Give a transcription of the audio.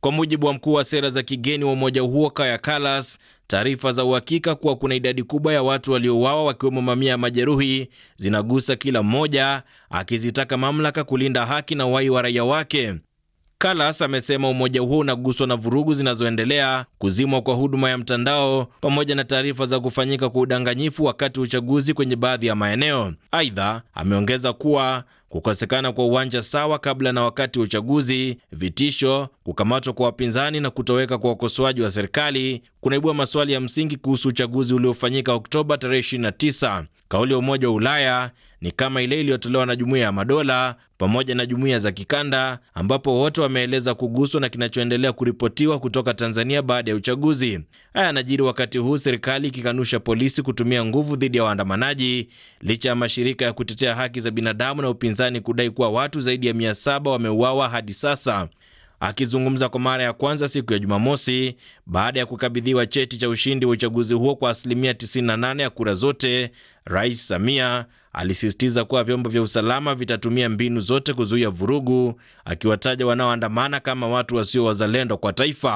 Kwa mujibu wa mkuu wa sera za kigeni wa umoja huo kaya Kalas, taarifa za uhakika kuwa kuna idadi kubwa ya watu waliouawa wakiwemo mamia ya majeruhi zinagusa kila mmoja, akizitaka mamlaka kulinda haki na uhai wa raia wake. Kalas amesema umoja huo unaguswa na vurugu zinazoendelea, kuzimwa kwa huduma ya mtandao, pamoja na taarifa za kufanyika kwa udanganyifu wakati wa uchaguzi kwenye baadhi ya maeneo. Aidha, ameongeza kuwa kukosekana kwa uwanja sawa kabla na wakati wa uchaguzi, vitisho, kukamatwa kwa wapinzani na kutoweka kwa wakosoaji wa serikali kunaibua maswali ya msingi kuhusu uchaguzi uliofanyika Oktoba tarehe 29. Kauli ya Umoja wa Ulaya ni kama ile iliyotolewa na Jumuiya ya Madola pamoja na jumuiya za kikanda, ambapo wote wameeleza kuguswa na kinachoendelea kuripotiwa kutoka Tanzania baada ya uchaguzi. Haya yanajiri wakati huu serikali ikikanusha polisi kutumia nguvu dhidi ya waandamanaji, licha ya mashirika ya kutetea haki za binadamu na upinzani kudai kuwa watu zaidi ya mia saba wameuawa hadi sasa. Akizungumza kwa mara ya kwanza siku ya Jumamosi baada ya kukabidhiwa cheti cha ushindi wa uchaguzi huo kwa asilimia 98 ya kura zote, Rais Samia alisisitiza kuwa vyombo vya usalama vitatumia mbinu zote kuzuia vurugu, akiwataja wanaoandamana kama watu wasio wazalendo kwa taifa.